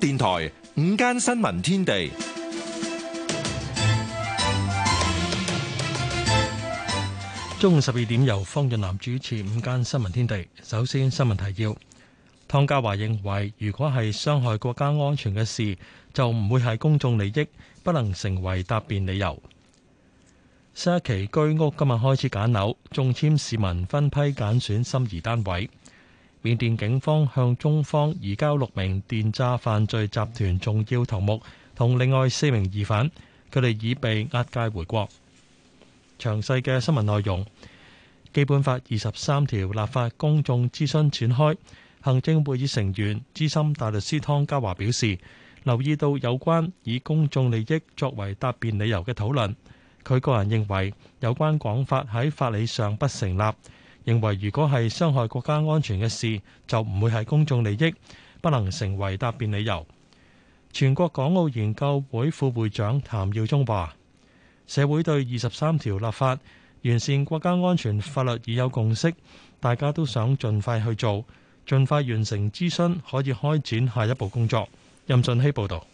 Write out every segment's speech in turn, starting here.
電台午間新聞天地中午十二點由方潤南主持午間新聞天地。首先新聞提要：湯家華認為，如果係傷害國家安全嘅事，就唔會係公眾利益，不能成為答辯理由。新一期居屋今日開始揀樓，中簽市民分批揀選心儀單位。緬甸警方向中方移交六名電詐犯罪集團重要頭目同另外四名疑犯，佢哋已被押解回國。詳細嘅新聞內容，基本法二十三條立法公眾諮詢展開，行政會議成員資深大律師湯家驊表示，留意到有關以公眾利益作為答辯理由嘅討論，佢個人認為有關講法喺法理上不成立。認為如果係傷害國家安全嘅事，就唔會係公眾利益，不能成為答辯理由。全國港澳研究會副會長譚耀宗話：社會對二十三條立法完善國家安全法律已有共識，大家都想盡快去做，盡快完成諮詢，可以開展下一步工作。任俊希報導。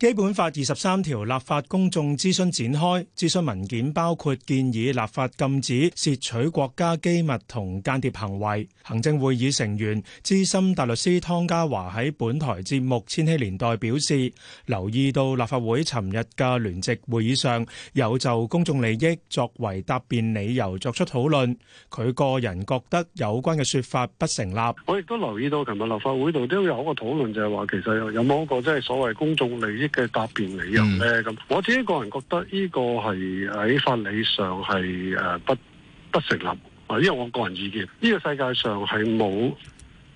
基本法二十三條立法公眾諮詢展開，諮詢文件包括建議立法禁止竊取國家機密同間諜行為。行政會議成員資深大律師湯家驊喺本台節目《千禧年代》表示，留意到立法會尋日嘅聯席會議上有就公眾利益作為答辯理由作出討論。佢個人覺得有關嘅說法不成立。我亦都留意到，琴日立法會度都有一個討論，就係話其實有冇一個即係所謂公眾利益。嘅答辯理由咧，咁、嗯、我自己個人覺得呢個係喺法理上係誒不不成立啊！因為我個人意見，呢、呢個世界上係冇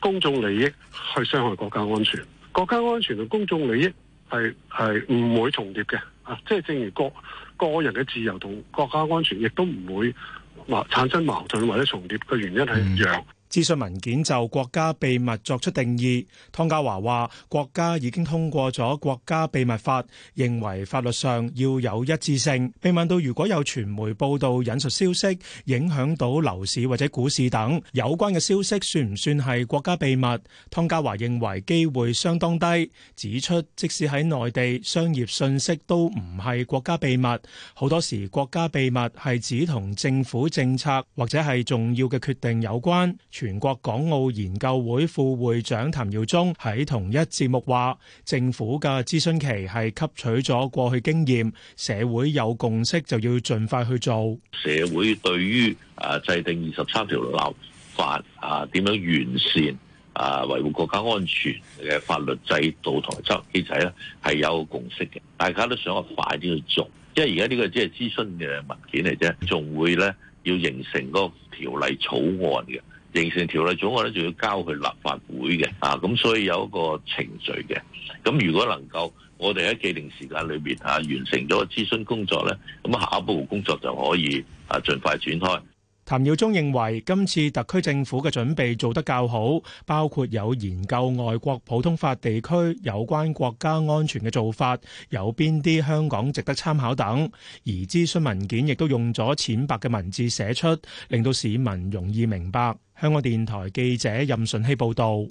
公眾利益去傷害國家安全，國家安全同公眾利益係係唔會重疊嘅啊！即、就、係、是、正如個個人嘅自由同國家安全亦都唔會矛產生矛盾或者重疊嘅原因係一樣。嗯。諮詢文件就國家秘密作出定義。湯家驊話：國家已經通過咗國家秘密法，認為法律上要有一致性。被問到如果有傳媒報道引述消息影響到樓市或者股市等有關嘅消息，算唔算係國家秘密？湯家驊認為機會相當低，指出即使喺內地，商業信息都唔係國家秘密。好多時國家秘密係指同政府政策或者係重要嘅決定有關。全國港澳研究會副會長譚耀宗喺同一節目話：政府嘅諮詢期係吸取咗過去經驗，社會有共識就要盡快去做。社會對於啊制定二十三條立法啊點樣完善啊維護國家安全嘅法律制度同埋執行機制咧，係有共識嘅，大家都想話快啲去做，因為而家呢個只係諮詢嘅文件嚟啫，仲會咧要形成嗰個條例草案嘅。形成條例草案咧，仲要交去立法會嘅，啊，咁所以有一個程序嘅。咁、啊、如果能夠我哋喺既定時間裏邊啊完成咗個諮詢工作咧，咁、啊、下一步工作就可以啊盡快展開。譚耀宗認為今次特區政府嘅準備做得較好，包括有研究外國普通法地區有關國家安全嘅做法，有邊啲香港值得參考等，而諮詢文件亦都用咗淺白嘅文字寫出，令到市民容易明白。香港電台記者任順希報道。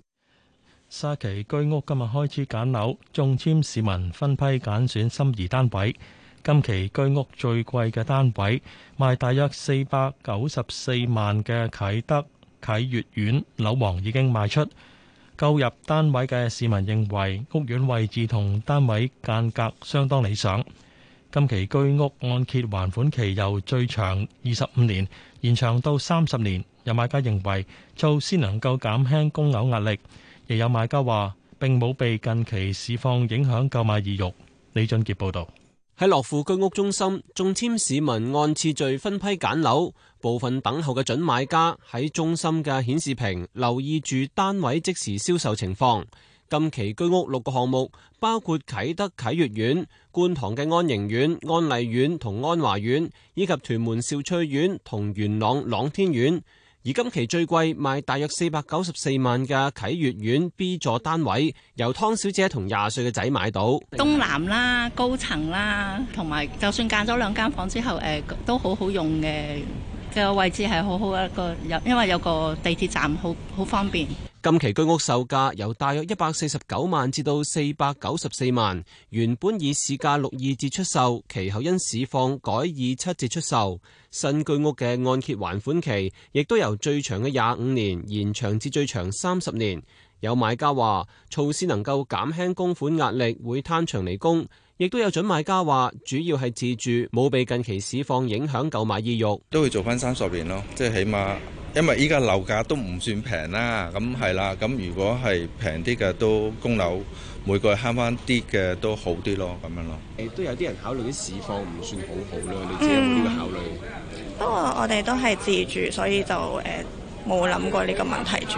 沙琪居屋今日開始揀樓，中簽市民分批揀選心儀單位。今期居屋最貴嘅單位賣大約四百九十四萬嘅啟德啟悅苑樓王已經賣出。購入單位嘅市民認為屋苑位置同單位間隔相當理想。今期居屋按揭還款期由最長二十五年延長到三十年，有買家認為措施能夠減輕供樓壓力，亦有買家話並冇被近期市況影響購買意慾。李俊傑報道。喺樂富居屋中心，中簽市民按次序分批揀樓，部分等候嘅準買家喺中心嘅顯示屏留意住單位即時銷售情況。近期居屋六個項目，包括啟德啟悅苑、觀塘嘅安盈苑、安麗苑同安華苑，以及屯門兆翠苑同元朗朗天苑。而今期最貴，賣大約四百九十四萬嘅啟悅苑 B 座單位，由湯小姐同廿歲嘅仔買到。東南啦，高層啦，同埋就算間咗兩間房之後，誒、呃，都好好用嘅。嘅位置係好好一個，有因為有個地鐵站，好好方便。近期居屋售價由大約一百四十九萬至到四百九十四萬，原本以市價六二折出售，其後因市況改以七折出售。新居屋嘅按揭還款期亦都由最長嘅廿五年延長至最長三十年。有買家話措施能夠減輕供款壓力，會攤長嚟供。亦都有準買家話，主要係自住，冇被近期市況影響購買意欲。都會做翻三十年咯，即係起碼，因為依家樓價都唔算平啦。咁係啦，咁如果係平啲嘅都供樓，每個月慳翻啲嘅都好啲咯，咁樣咯。誒，都有啲人考慮啲市況唔算好好咯，你知有冇呢個考慮？不過、嗯哦、我哋都係自住，所以就誒冇諗過呢個問題住。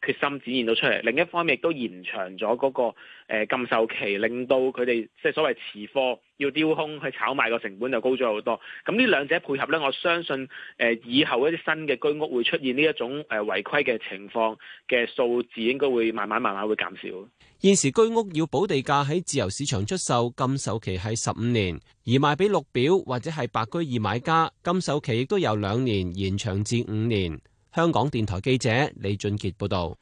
決心展現到出嚟，另一方面亦都延長咗嗰個禁售期，令到佢哋即係所謂持貨要丟空去炒賣個成本就高咗好多。咁呢兩者配合咧，我相信誒以後一啲新嘅居屋會出現呢一種誒違規嘅情況嘅數字，應該會慢慢慢慢會減少。現時居屋要補地價喺自由市場出售，禁售期係十五年，而賣俾綠表或者係白居二買家，禁售期亦都有兩年延長至五年。香港電台記者李俊杰報道：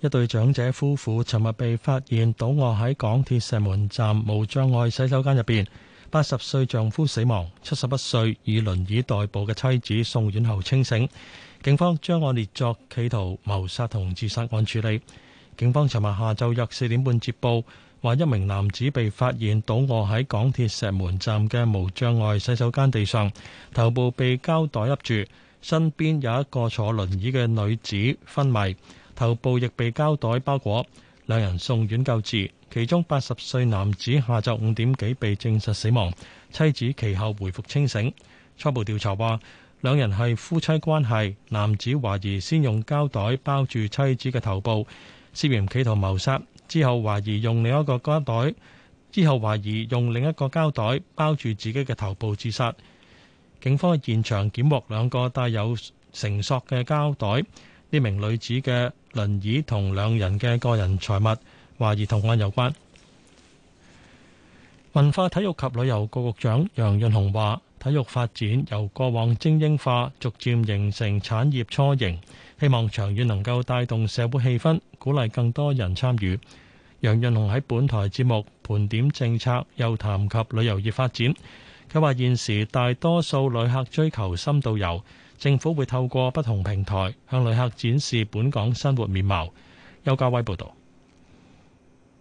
一對長者夫婦尋日被發現倒卧喺港鐵石門站無障礙洗手間入邊，八十歲丈夫死亡，七十一歲以輪椅代步嘅妻子送院後清醒。警方將案列作企圖謀殺同自殺案處理。警方尋日下晝約四點半接報，話一名男子被發現倒卧喺港鐵石門站嘅無障礙洗手間地上，頭部被膠袋笠住。身邊有一個坐輪椅嘅女子昏迷，頭部亦被膠袋包裹，兩人送院救治。其中八十歲男子下晝五點幾被證實死亡，妻子其後回復清醒。初步調查話，兩人係夫妻關係，男子懷疑先用膠袋包住妻子嘅頭部，涉嫌企圖謀殺，之後懷疑用另一個膠袋，之後懷疑用另一個膠袋包住自己嘅頭部自殺。警方喺現場檢獲兩個帶有繩索嘅膠袋，呢名女子嘅輪椅同兩人嘅個人財物，懷疑同案有關。文化體育及旅遊局局長楊潤雄話，體育發展由過往精英化，逐漸形成產業雛形，希望長遠能夠帶動社會氣氛，鼓勵更多人參與。楊潤雄喺本台節目盤點政策，又談及旅遊業發展。佢話現時大多數旅客，追求深度遊，政府會透過不同平台向旅客展示本港生活面貌。邱家威報道。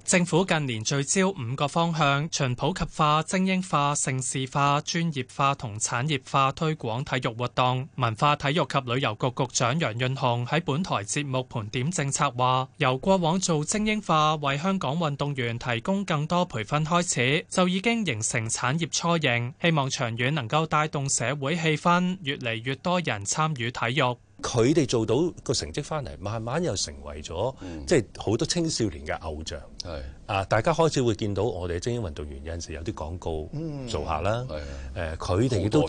政府近年聚焦五個方向，循普及化、精英化、盛事化、專業化同產業化推廣體育活動。文化體育及旅遊局局長楊潤雄喺本台節目盤點政策話，由過往做精英化，為香港運動員提供更多培訓開始，就已經形成產業初型。希望長遠能夠帶動社會氣氛，越嚟越多人參與體育。佢哋做到個成績翻嚟，慢慢又成為咗，嗯、即係好多青少年嘅偶像。係的啊，大家開始會見到我哋精英運動員有陣時有啲廣告做下啦。係誒、嗯，佢哋都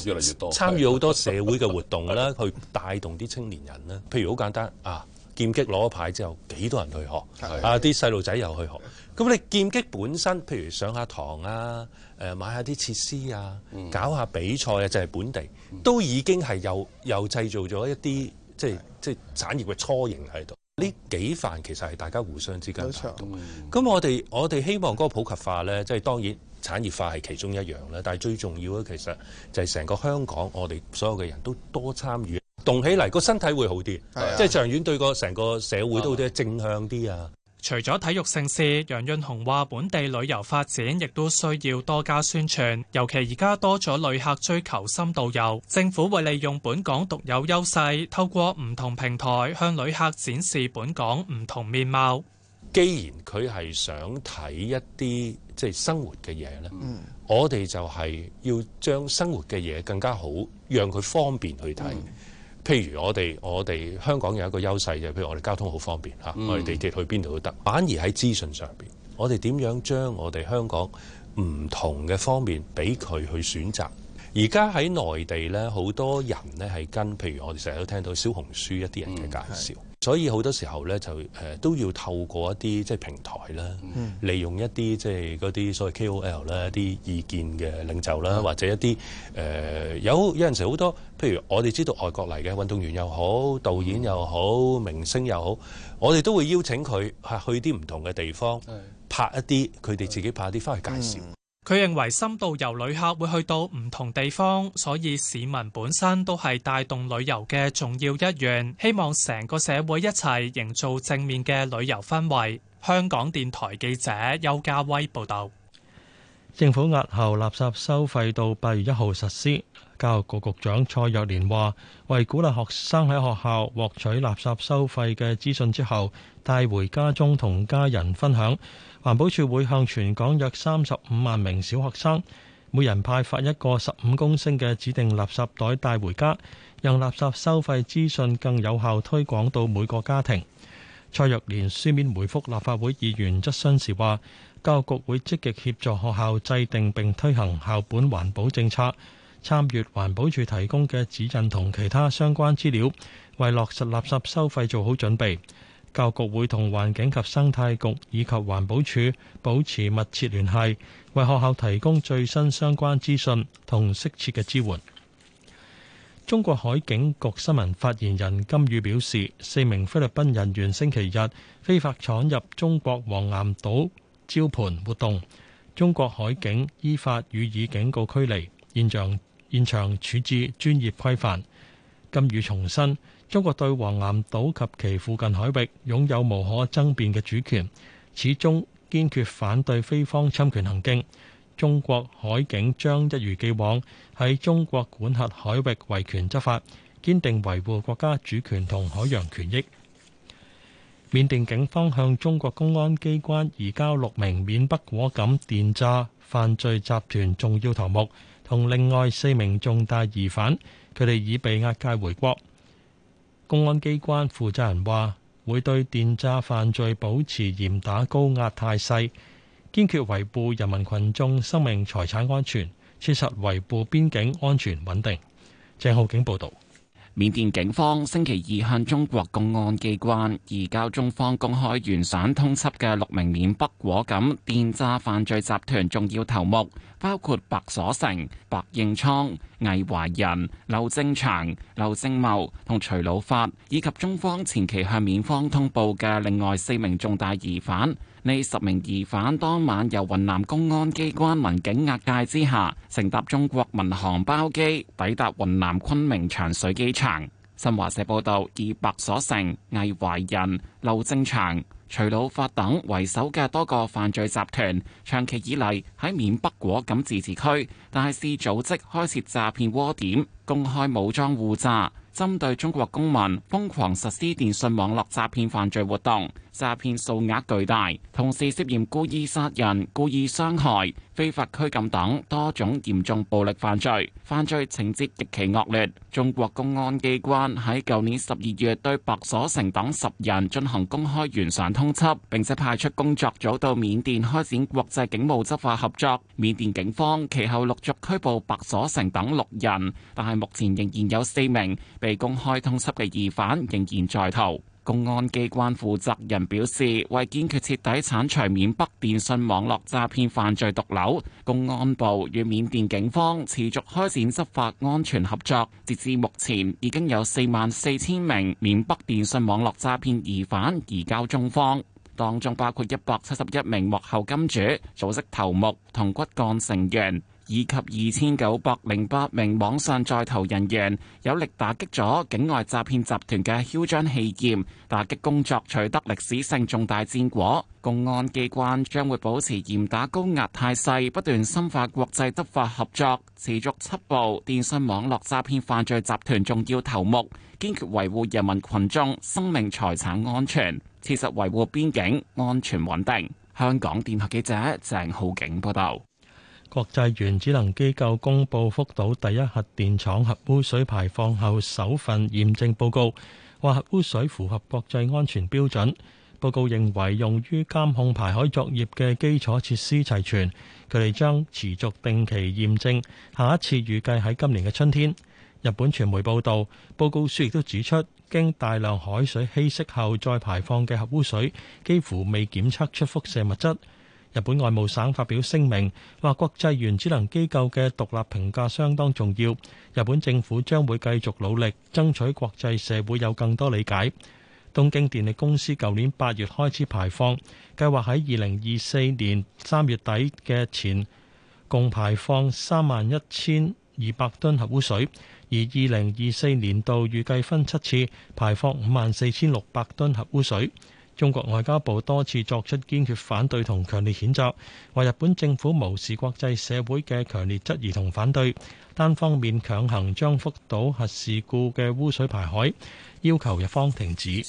參與好多社會嘅活動啦，的去帶動啲青年人啦。譬如好簡單啊，劍擊攞咗牌之後，幾多人去學的啊？啲細路仔又去學。咁你劍擊本身，譬如上下堂啊，誒，買下啲設施啊，搞下比賽啊，就係、是、本地都已經係又又製造咗一啲。即係即係產業嘅雛形喺度，呢幾範其實係大家互相之間行動。咁錯我哋我哋希望嗰個普及化咧，即係當然產業化係其中一樣啦。但係最重要咧其實就係成個香港我哋所有嘅人都多參與，動起嚟個身體會好啲，啊、即係長遠對個成個社會都好啲正向啲啊！除咗體育盛事，楊潤雄話本地旅遊發展亦都需要多加宣傳，尤其而家多咗旅客追求深度遊，政府會利用本港獨有優勢，透過唔同平台向旅客展示本港唔同面貌。既然佢係想睇一啲即係生活嘅嘢咧，mm. 我哋就係要將生活嘅嘢更加好，讓佢方便去睇。Mm. 譬如我哋，我哋香港有一個優勢就係，譬如我哋交通好方便嚇，嗯、我哋地鐵去邊度都得。反而喺資訊上邊，我哋點樣將我哋香港唔同嘅方面俾佢去選擇？而家喺內地咧，好多人咧係跟，譬如我哋成日都聽到小紅書一啲人嘅介紹，嗯、所以好多時候咧就誒、呃、都要透過一啲即係平台啦，嗯、利用一啲即係嗰啲所謂 KOL 啦啲意見嘅領袖啦，嗯、或者一啲誒、呃、有有陣時好多。譬如我哋知道外國嚟嘅運動員又好，導演又好，明星又好，我哋都會邀請佢去啲唔同嘅地方拍一啲佢哋自己拍啲翻去介紹，佢、嗯、認為深度遊旅客會去到唔同地方，所以市民本身都係帶動旅遊嘅重要一員。希望成個社會一齊營造正面嘅旅遊氛圍，香港電台記者邱家威報道。政府押後垃圾收費到八月一號實施。教育局局長蔡若蓮話，為鼓勵學生喺學校獲取垃圾收費嘅資訊之後，帶回家中同家人分享。環保署會向全港約三十五萬名小學生，每人派發一個十五公升嘅指定垃圾袋帶回家，讓垃圾收費資訊更有效推廣到每個家庭。蔡若蓮書面回覆立法會議員質詢時話，教育局會積極協助學校制定並推行校本環保政策。參閱環保署提供嘅指引同其他相關資料，為落實垃圾收費做好準備。教育局會同環境及生態局以及環保署保持密切聯繫，為學校提供最新相關資訊同適切嘅支援。中國海警局新聞發言人金宇表示，四名菲律賓人員星期日非法闖入中國黃岩島礁盤活動，中國海警依法予以警告驅離。現象。現場處置專業規範。謹予重申，中國對黃岩島及其附近海域擁有無可爭辯嘅主權，始終堅決反對非方侵權行徑。中國海警將一如既往喺中國管轄海域維權執法，堅定維護國家主權同海洋權益。緬甸警方向中國公安機關移交六名緬北果敢電詐犯罪集團重要頭目。同另外四名重大疑犯，佢哋已被押解回國，公安機關負責人話會對電詐犯罪保持嚴打高壓態勢，堅決維護人民群眾生命財產安全，切實維護邊境安全穩定。鄭浩景報道。緬甸警方星期二向中國公安機關移交中方公開懸賞通緝嘅六名緬北果敢電詐犯罪集團重要頭目，包括白所成、白應倉、魏懷仁、劉正祥、劉正茂同徐老發，以及中方前期向緬方通報嘅另外四名重大疑犯。呢十名疑犯當晚由雲南公安機關民警押解之下，乘搭中國民航包機抵達雲南昆明長水機場。新華社報道，以白所成、魏懷仁、劉正祥、徐老發等為首嘅多個犯罪集團，長期以嚟喺緬北果敢自治區大肆組織開設詐騙窩點。公開武裝護詐，針對中國公民瘋狂實施電信網絡詐騙犯罪活動，詐騙數額巨大，同時涉嫌故意殺人、故意傷害、非法拘禁等多種嚴重暴力犯罪，犯罪情節極其惡劣。中國公安機關喺舊年十二月對白所成等十人進行公開懸賞通緝，並且派出工作組到緬甸開展國際警務執法合作。緬甸警方其後陸續拘捕白所成等六人，但係。目前仍然有四名被公開通緝嘅疑犯仍然在逃。公安機關負責人表示，為堅決徹底鏟除緬北電信網絡詐騙犯罪毒瘤，公安部與緬甸警方持續開展執法安全合作。截至目前，已經有四萬四千名緬北電信網絡詐騙疑犯移交中方，當中包括一百七十一名幕後金主、組織頭目同骨幹成員，以及二千九百零八名網上在逃人員，有力打擊咗境外詐騙集團嘅囂張氣焰，打擊工作取得歷史性重大戰果。公安機關將會保持嚴打高壓態勢，不斷深化國際執法合作，持續緝捕電信網絡詐騙犯罪集團重要頭目，堅決維護人民群眾生命財產安全，切實維護邊境安全穩定。香港電台記者鄭浩景報道。國際原子能機構公布福島第一核電廠核污水排放後首份驗證報告，話核污水符合國際安全標準。報告認為，用於監控排海作業嘅基礎設施齊全。佢哋將持續定期驗證，下一次預計喺今年嘅春天。日本傳媒報道，報告書亦都指出，經大量海水稀釋後再排放嘅核污水，幾乎未檢測出輻射物質。日本外務省發表聲明，話國際原子能機構嘅獨立評價相當重要。日本政府將會繼續努力，爭取國際社會有更多理解。東京電力公司舊年八月開始排放，計劃喺二零二四年三月底嘅前，共排放三萬一千二百噸核污水，而二零二四年度預計分七次排放五萬四千六百噸核污水。中國外交部多次作出堅決反對同強烈譴責，話日本政府無視國際社會嘅強烈質疑同反對，單方面強行將福島核事故嘅污水排海，要求日方停止。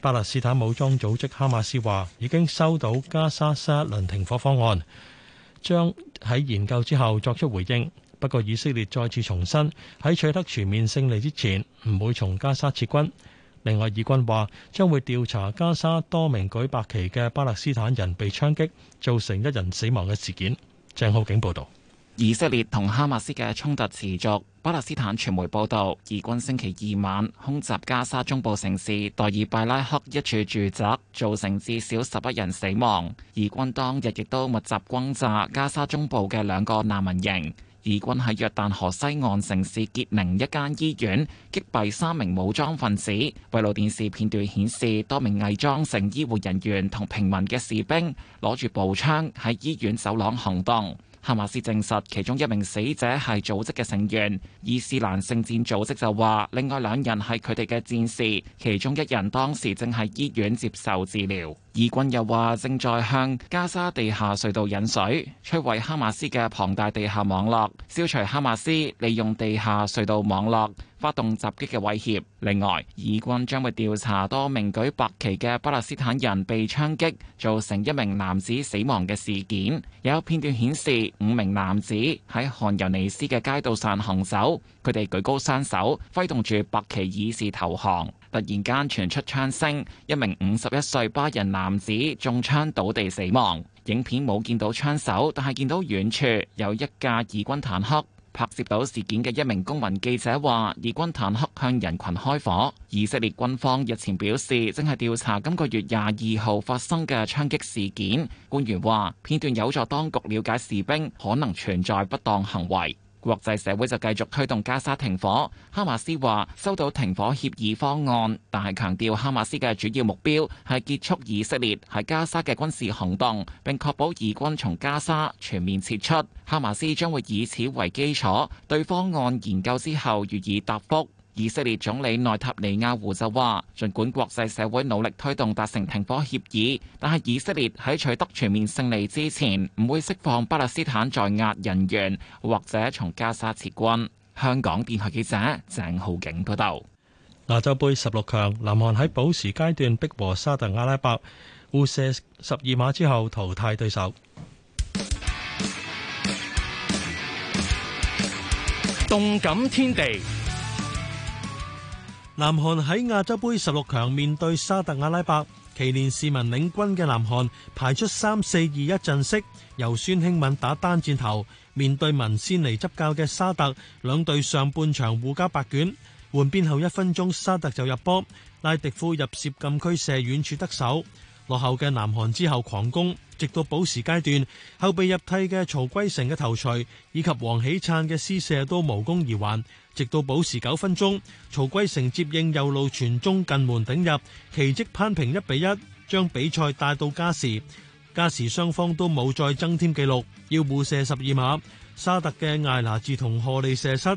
巴勒斯坦武裝組織哈馬斯話已經收到加沙沙輪停火方案，將喺研究之後作出回應。不過以色列再次重申，喺取得全面勝利之前，唔會從加沙撤軍。另外，以軍話將會調查加沙多名舉白旗嘅巴勒斯坦人被槍擊，造成一人死亡嘅事件。鄭浩景報道，以色列同哈馬斯嘅衝突持續。巴勒斯坦傳媒報道，以軍星期二晚空襲加沙中部城市代爾拜拉克一處住宅，造成至少十一人死亡。以軍當日亦都密集轟炸加沙中部嘅兩個難民營。以軍喺約旦河西岸城市傑寧一間醫院擊斃三名武裝分子。閉路電視片段顯示多名偽裝成醫護人員同平民嘅士兵攞住步槍喺醫院走廊行動。哈馬斯證實其中一名死者係組織嘅成員，伊斯蘭聖戰組織就話另外兩人係佢哋嘅戰士，其中一人當時正喺醫院接受治療。以軍又話正在向加沙地下隧道引水，摧毀哈馬斯嘅龐大地下網絡，消除哈馬斯利用地下隧道網絡發動襲擊嘅威脅。另外，以軍將會調查多名舉白旗嘅巴勒斯坦人被槍擊，造成一名男子死亡嘅事件。有片段顯示五名男子喺汗尤尼斯嘅街道上行走。佢哋舉高雙手，揮動住白旗以示投降。突然間傳出槍聲，一名五十一歲巴人男子中槍倒地死亡。影片冇見到槍手，但係見到遠處有一架以軍坦克。拍攝到事件嘅一名公民記者話：以軍坦克向人群開火。以色列軍方日前表示，正係調查今個月廿二號發生嘅槍擊事件。官員話：片段有助當局了解士兵可能存在不當行為。國際社會就繼續推動加沙停火。哈馬斯話收到停火協議方案，但係強調哈馬斯嘅主要目標係結束以色列喺加沙嘅軍事行動，並確保以軍從加沙全面撤出。哈馬斯將會以此為基礎，對方案研究之後予以答覆。以色列總理內塔尼亞胡就話，儘管國際社會努力推動達成停火協議，但係以色列喺取得全面勝利之前，唔會釋放巴勒斯坦在押人員或者從加沙撤軍。香港電台記者鄭浩景報道。亞洲盃十六強，南韓喺補時階段逼和沙特阿拉伯，互射十二碼之後淘汰對手。動感天地。南韓喺亞洲盃十六強面對沙特阿拉伯，奇連士文領軍嘅南韓排出三四二一陣式，由孫興敏打單箭頭。面對文仙尼執教嘅沙特，兩隊上半場互交白卷。換邊後一分鐘，沙特就入波，拉迪夫入禁區射遠處得手。落後嘅南韓之後狂攻，直到補時階段，後備入替嘅曹圭成嘅頭槌以及黃喜燦嘅施射都無功而還。直到補時九分鐘，曹圭成接應右路傳中近門頂入，奇蹟攀平一比一，將比賽帶到加時。加時雙方都冇再增添紀錄，要互射十二碼。沙特嘅艾拿治同荷利射失，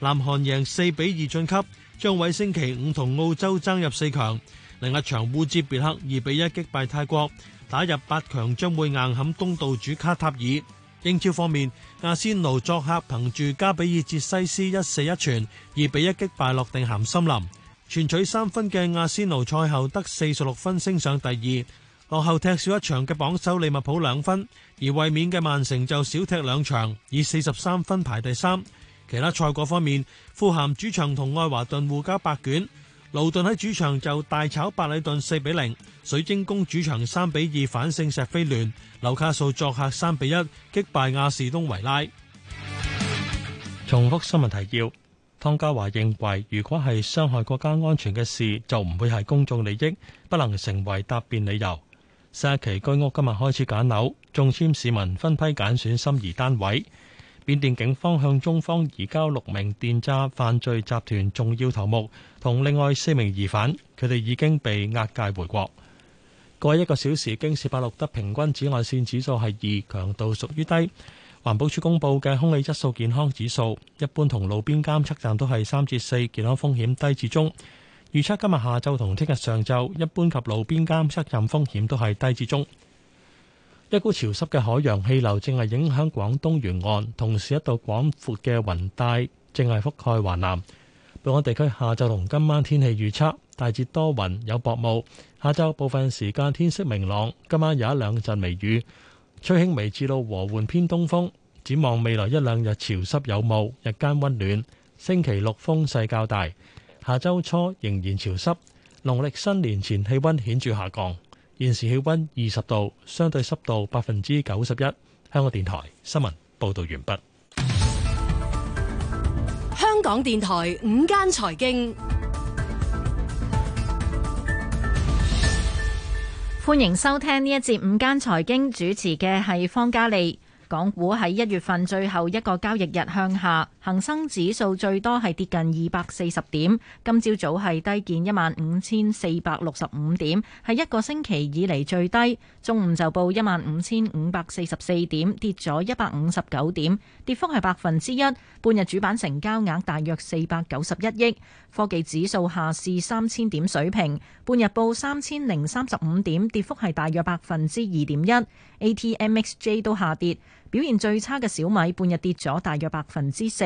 南韓贏四比二晉級，將偉星期五同澳洲爭入四強。另一場烏茲別克二比一擊敗泰國，打入八強將會硬撼東道主卡塔爾。英超方面，阿仙奴作客憑住加比爾捷西斯一四一傳二比一擊敗諾定咸森林，全取三分嘅阿仙奴賽後得四十六分，升上第二，落後踢少一場嘅榜首利物浦兩分，而衛冕嘅曼城就少踢兩場，以四十三分排第三。其他賽果方面，富咸主場同愛華頓互交白卷。勞頓喺主場就大炒百里頓四比零，水晶宮主場三比二反勝石飛聯，紐卡素作客三比一擊敗亞士東維拉。重複新聞提要，湯家驊認為如果係傷害國家安全嘅事，就唔會係公眾利益，不能成為答辯理由。石岐居屋今日開始揀樓，中籤市民分批揀選心儀單位。緬甸警方向中方移交六名電詐犯罪集團重要頭目同另外四名疑犯，佢哋已經被押解回國。過一個小時，京士柏錄得平均紫外綫指數係二，強度屬於低。環保署公布嘅空氣質素健康指數，一般同路邊監測站都係三至四，健康風險低至中。預測今日下晝同聽日上晝，一般及路邊監測站風險都係低至中。一股潮濕嘅海洋氣流正係影響廣東沿岸，同時一道廣闊嘅雲帶正係覆蓋華南。本港地區下晝同今晚天氣預測大致多雲有薄霧，下晝部分時間天色明朗，今晚有一兩陣微雨，吹輕微至到和緩偏東風。展望未來一兩日潮濕有霧，日間温暖。星期六風勢較大，下周初仍然潮濕，農曆新年前氣温顯著下降。現時氣溫二十度，相對濕度百分之九十一。香港電台新聞報道完畢。香港電台午間財經，歡迎收聽呢一節午間財經，主持嘅係方嘉莉。港股喺一月份最後一個交易日向下，恒生指數最多係跌近二百四十點。今朝早係低見一萬五千四百六十五點，係一個星期以嚟最低。中午就報一萬五千五百四十四點，跌咗一百五十九點，跌幅係百分之一。半日主板成交額大約四百九十一億。科技指數下試三千點水平，半日報三千零三十五點，跌幅係大約百分之二點一。A T M X J 都下跌。表現最差嘅小米，半日跌咗大約百分之四。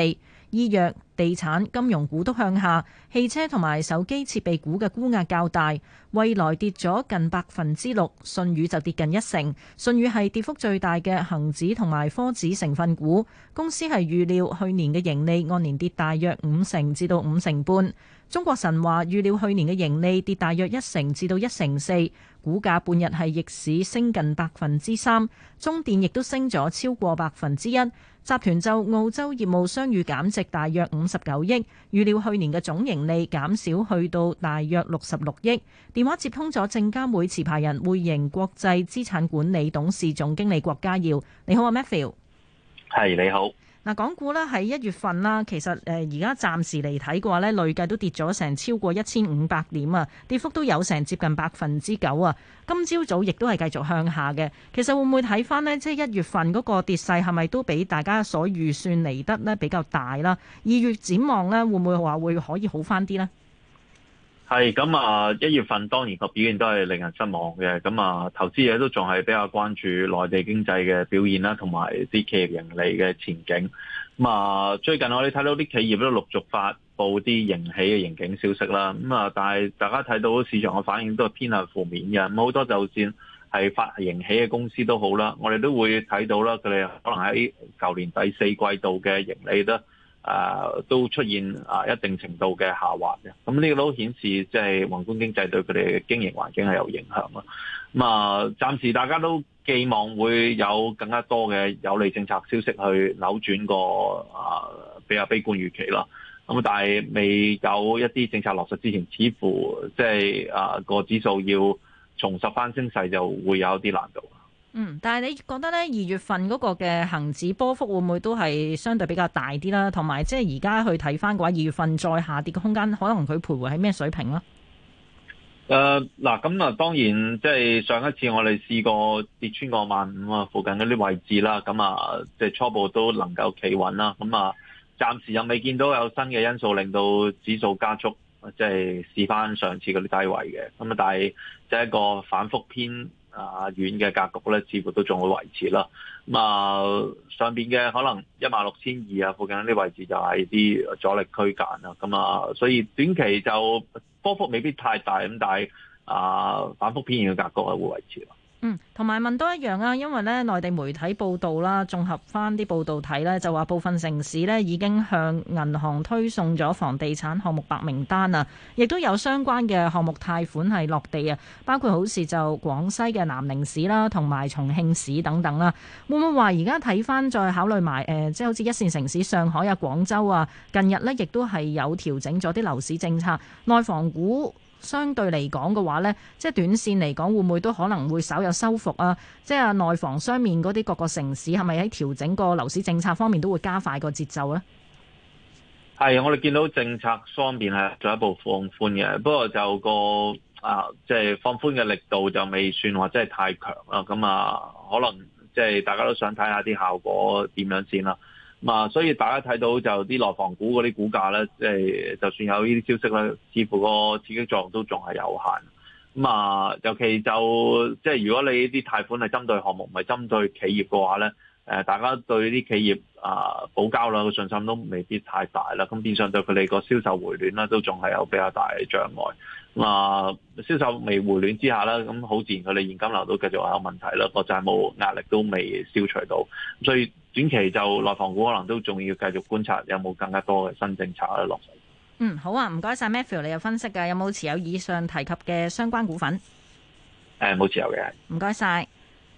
醫藥、地產、金融股都向下。汽車同埋手機設備股嘅沽壓較大。蔚來跌咗近百分之六，舜宇就跌近一成。舜宇係跌幅最大嘅恒指同埋科指成分股。公司係預料去年嘅盈利按年跌大約五成至到五成半。中國神華預料去年嘅盈利跌大約一成至到一成四。股價半日係逆市升近百分之三，中電亦都升咗超過百分之一。集團就澳洲業務商譽減值大約五十九億，預料去年嘅總盈利減少去到大約六十六億。電話接通咗證監會持牌人匯盈國際資產管理董事總經理郭家耀，你好啊 Matthew。係你好。嗱，港股咧喺一月份啦，其實誒而家暫時嚟睇嘅話咧，累計都跌咗成超過一千五百點啊，跌幅都有成接近百分之九啊。今朝早，早亦都係繼續向下嘅。其實會唔會睇翻呢？即係一月份嗰個跌勢係咪都比大家所預算嚟得咧比較大啦？二月展望呢，會唔會話會可以好翻啲呢？係咁啊！一月份當然個表現都係令人失望嘅。咁啊，投資者都仲係比較關注內地經濟嘅表現啦，同埋啲企業盈利嘅前景。咁啊，最近我哋睇到啲企業都陸續發布啲盈喜嘅盈警消息啦。咁啊，但係大家睇到市場嘅反應都係偏向負面嘅。咁好多就算係發盈喜嘅公司都好啦，我哋都會睇到啦，佢哋可能喺舊年第四季度嘅盈利都。誒、啊、都出現誒一定程度嘅下滑嘅，咁呢個都顯示即係宏觀經濟對佢哋嘅經營環境係有影響咯。咁、嗯、啊，暫時大家都寄望會有更加多嘅有利政策消息去扭轉個啊比較悲觀預期啦。咁、嗯、但係未有一啲政策落實之前，似乎即、就、係、是、啊個指數要重拾返升勢就會有啲難度。嗯，但係你覺得咧，二月份嗰個嘅恒指波幅會唔會都係相對比較大啲啦？同埋即係而家去睇翻嘅話，二月份再下跌嘅空間，可能佢徘徊喺咩水平咧？誒、呃，嗱，咁啊，當然即係上一次我哋試過跌穿個萬五啊附近嗰啲位置啦，咁啊，即係初步都能夠企穩啦。咁啊，暫時又未見到有新嘅因素令到指數加速，即係試翻上次嗰啲低位嘅。咁啊，但係即係一個反復偏。啊，軟嘅格局咧，似乎都仲會維持啦。咁啊，上邊嘅可能一萬六千二啊附近呢啲位置就係啲阻力區間啦。咁啊，所以短期就波幅未必太大，咁但係啊反復偏軟嘅格局啊會維持。同埋、嗯、問多一樣啊，因為呢內地媒體報道啦，綜合翻啲報道睇呢，就話部分城市呢已經向銀行推送咗房地產項目白名單啊，亦都有相關嘅項目貸款係落地啊，包括好似就廣西嘅南寧市啦，同埋重慶市等等啦。會唔會話而家睇翻再考慮埋誒、呃，即係好似一線城市上海啊、廣州啊，近日呢亦都係有調整咗啲樓市政策，內房股？相對嚟講嘅話呢，即係短線嚟講會唔會都可能會稍有修復啊？即係內房雙面嗰啲各個城市係咪喺調整個樓市政策方面都會加快個節奏咧？係我哋見到政策方面係進一步放寬嘅，不過就個啊，即係、就是、放寬嘅力度就未算話真係太強啦。咁啊，可能即係大家都想睇下啲效果點樣先啦。嘛，所以大家睇到就啲內房股嗰啲股價咧，即係就算有呢啲消息咧，似乎個刺激作用都仲係有限。咁、嗯、啊，尤其就即係如果你啲貸款係針對項目，唔係針對企業嘅話咧，誒、呃，大家對啲企業啊、呃、補交樓嘅信心都未必太大啦。咁變相對佢哋個銷售回暖啦，都仲係有比較大嘅障礙。嗯嗯、啊，銷售未回暖之下咧，咁好自然佢哋現金流都繼續有問題啦，個債務壓力都未消除到，所以，短期就內房股可能都仲要繼續觀察，有冇更加多嘅新政策喺度落。嗯，好啊，唔該晒。Matthew 你有分析㗎，有冇持有以上提及嘅相關股份？誒，冇持有嘅。唔該晒。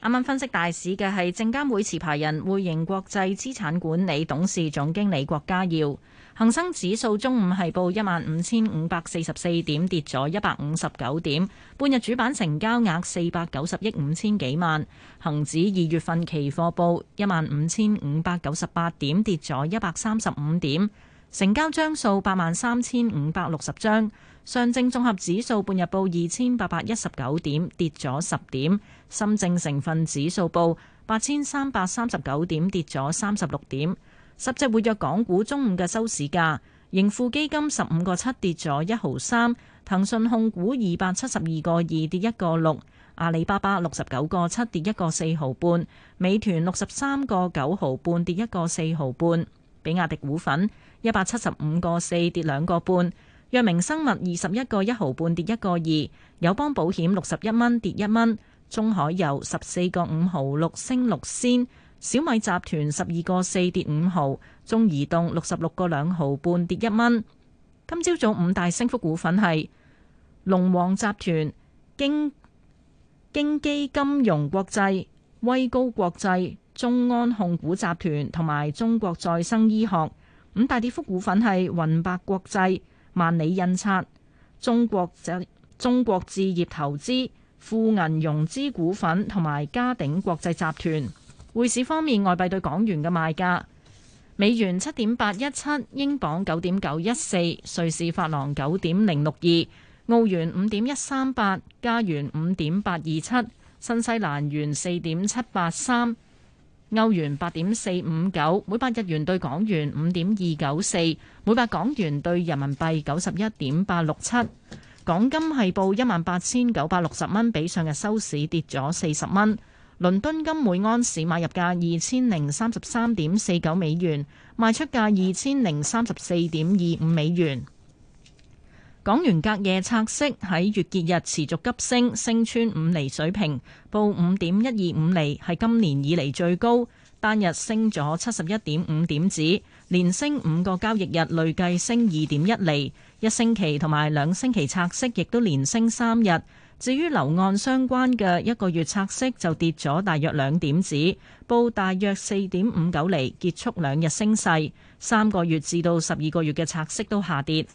啱啱分析大市嘅係證監會持牌人匯盈國際資產管理董事總經理郭家耀。恒生指數中午係報一萬五千五百四十四點，跌咗一百五十九點。半日主板成交額四百九十億五千幾萬。恒指二月份期貨報一萬五千五百九十八點，跌咗一百三十五點。成交張數八萬三千五百六十張。上證綜合指數半日報二千八百一十九點，跌咗十點。深證成分指數報八千三百三十九點，跌咗三十六點。十隻活躍港股中午嘅收市價，盈富基金十五個七跌咗一毫三，騰訊控股二百七十二個二跌一個六，阿里巴巴六十九個七跌一個四毫半，美團六十三個九毫半跌一個四毫半，比亞迪股份一百七十五個四跌兩個半，藥明生物二十一個一毫半跌一個二，友邦保險六十一蚊跌一蚊，中海油十四個五毫六升六仙。小米集團十二個四跌五毫，中移動六十六個兩毫半跌一蚊。今朝早五大升幅股份係龍王集團、京京基金融國際、威高國際、中安控股集團同埋中國再生醫學。五大跌幅股份係雲百國際、萬里印刷、中國中國置業投資、富銀融資股份同埋嘉鼎國際集團。匯市方面，外幣對港元嘅賣價：美元七點八一七，英鎊九點九一四，瑞士法郎九點零六二，澳元五點一三八，加元五點八二七，新西蘭元四點七八三，歐元八點四五九，每百日元對港元五點二九四，每百港元對人民幣九十一點八六七。港金係報一萬八千九百六十蚊，比上日收市跌咗四十蚊。倫敦金每安士買入價二千零三十三點四九美元，賣出價二千零三十四點二五美元。港元隔夜拆息喺月結日持續急升，升穿五厘水平，報五點一二五厘，係今年以嚟最高，單日升咗七十一點五點子，連升五個交易日，累計升二點一厘。一星期同埋兩星期拆息亦都連升三日。至於樓按相關嘅一個月拆息就跌咗，大約兩點子，報，大約四點五九厘，結束兩日升勢。三個月至到十二個月嘅拆息都下跌。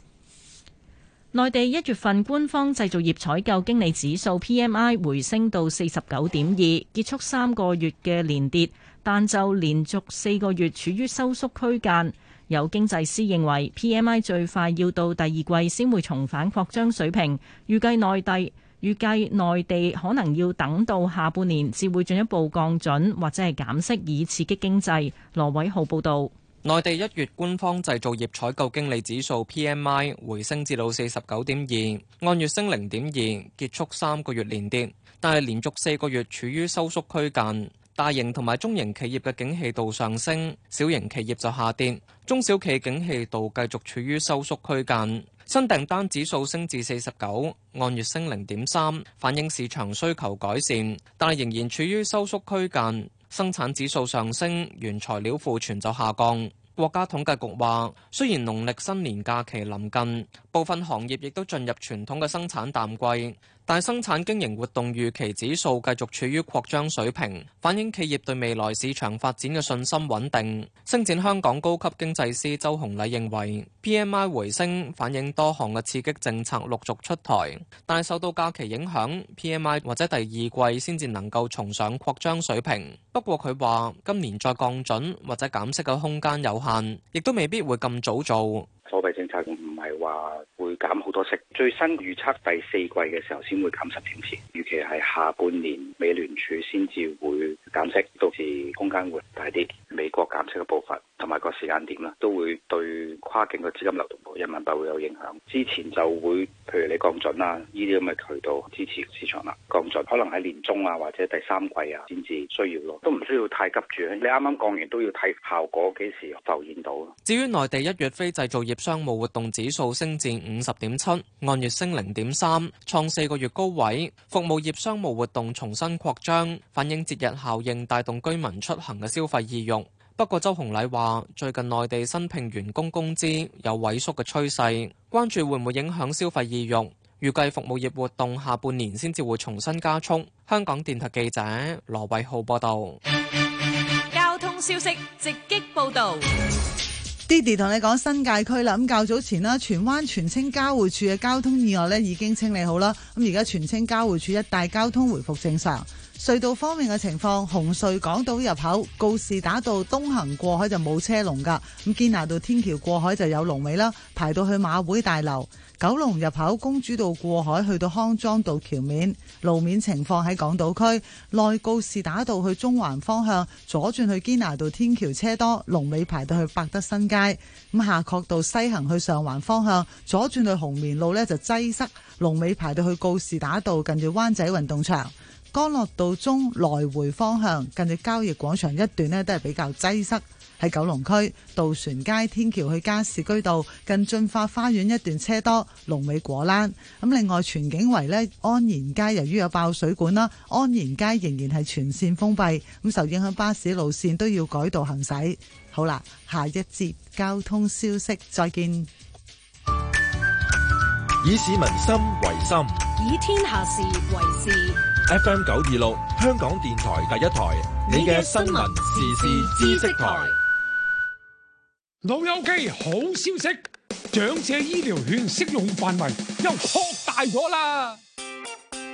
內地一月份官方製造業採購經理指數 P M I 回升到四十九點二，結束三個月嘅連跌，但就連續四個月處於收縮區間。有經濟師認為 P M I 最快要到第二季先會重返擴張水平，預計內地。預計內地可能要等到下半年至會進一步降準或者係減息，以刺激經濟。羅偉浩報導，內地一月官方製造業採購經理指數 PMI 回升至到四十九點二，按月升零點二，結束三個月連跌，但係連續四個月處於收縮區間。大型同埋中型企業嘅景氣度上升，小型企業就下跌，中小企景氣度繼續處於收縮區間。新訂單指數升至四十九，按月升零點三，反映市場需求改善，但係仍然處於收縮區間。生產指數上升，原材料庫存就下降。國家統計局話，雖然農曆新年假期臨近，部分行業亦都進入傳統嘅生產淡季。但生產經營活動預期指數繼續處於擴張水平，反映企業對未來市場發展嘅信心穩定。星展香港高級經濟師周洪禮認為 PMI 回升，反映多項嘅刺激政策陸續出台，但係受到假期影響 PMI 或者第二季先至能夠重上擴張水平。不過，佢話今年再降準或者減息嘅空間有限，亦都未必會咁早做。貨幣政策唔係話。會減好多息，最新預測第四季嘅時候先會減十點先，預期係下半年美聯儲先至會減息，導致空間會大啲。美國減息嘅步伐同埋個時間點啦，都會對跨境嘅資金流動、人民幣會有影響。之前就會，譬如你降準啦，呢啲咁嘅渠道支持市場啦，降準可能喺年中啊或者第三季啊先至需要咯，都唔需要太急住。你啱啱降完都要睇效果，幾時浮現到？至於內地一月非製造業商務活動指數升至五。五十點七，按月升零點三，創四個月高位。服務業商務活動重新擴張，反映節日效應帶動居民出行嘅消費意欲。不過周洪禮話，最近內地新聘員工工資有萎縮嘅趨勢，關注會唔會影響消費意欲。預計服務業活動下半年先至會重新加速。香港電台記者羅偉浩報道。交通消息直擊報道。Diddy 同你講新界區啦，咁較早前啦，荃灣荃青交匯處嘅交通意外咧已經清理好啦，咁而家荃青交匯處一帶交通回復正常。隧道方面嘅情況，紅隧港島入口，告士打道東行過海就冇車龍㗎。咁堅拿道天橋過海就有龍尾啦，排到去馬會大樓。九龍入口公主道過海去到康莊道橋面，路面情況喺港島區內，告士打道去中環方向，左轉去堅拿道天橋車多，龍尾排到去百德新街。咁夏慤道西行去上環方向，左轉去紅棉路呢就擠塞，龍尾排到去告士打道近住灣仔運動場。干諾道中來回方向近住交易廣場一段呢，都係比較擠塞。喺九龍區渡船街天橋去加士居道近駿發花園一段車多，龍尾果欄。咁另外全景圍呢，安然街由於有爆水管啦，安然街仍然係全線封閉。咁受影響巴士路線都要改道行駛。好啦，下一節交通消息，再見。以市民心為心，以天下事為事。FM 九二六，香港電台第一台，你嘅新聞時事知識台。老友記好消息，長者醫療券適用範圍又擴大咗啦！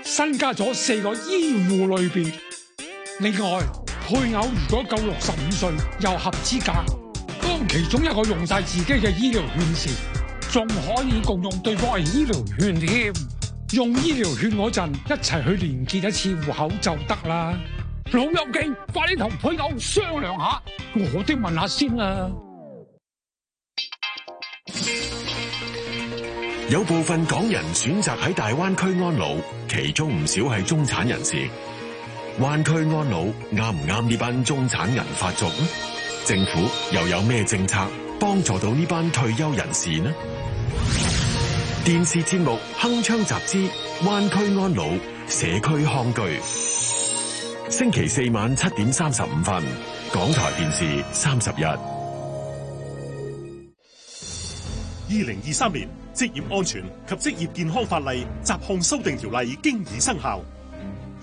新加咗四個醫護類別。另外，配偶如果夠六十五歲又合資格，當其中一個用晒自己嘅醫療券時，仲可以共用對方嘅醫療券添。用醫療券嗰陣，一齊去連結一次戶口就得啦。老友記，快啲同配偶商量下，我都問下先啦、啊。有部分港人選擇喺大灣區安老，其中唔少係中產人士。灣區安老啱唔啱呢班中產人發作呢？政府又有咩政策幫助到呢班退休人士呢？電視節目《鏗鏘集資》，灣區安老，社區抗拒。星期四晚七點三十五分，港台電視三十一。二零二三年職業安全及職業健康法例雜項修訂條例經已生效，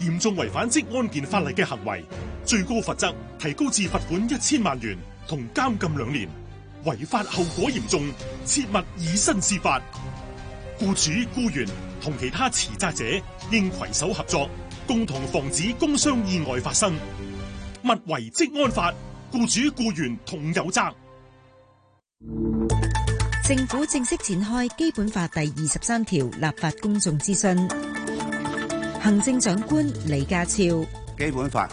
嚴重違反職安健法例嘅行為，最高罰則提高至罰款一千萬元同監禁兩年。違法後果嚴重，切勿以身試法。雇主、僱員同其他持責者應攜手合作，共同防止工傷意外發生。物為職安法，雇主、僱員同有責。政府正式展開《基本法》第二十三條立法公眾諮詢。行政長官李家超：《基本法》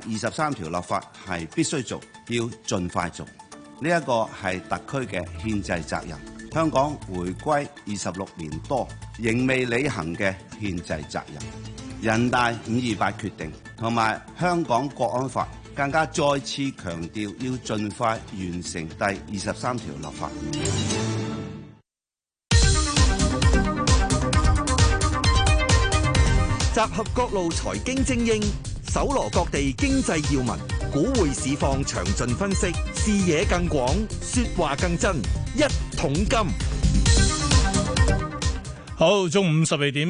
第二十三條立法係必須做，要盡快做，呢一個係特區嘅憲制責任。香港回歸二十六年多，仍未履行嘅憲制責任。人大五二八決定同埋香港國安法，更加再次強調要盡快完成第二十三條立法。集合各路財經精英，搜羅各地經濟要聞，股匯市況詳盡分析。視野更廣，說話更真，一桶金。好，中午十二點。